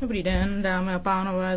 Dobrý den, dámy a pánové.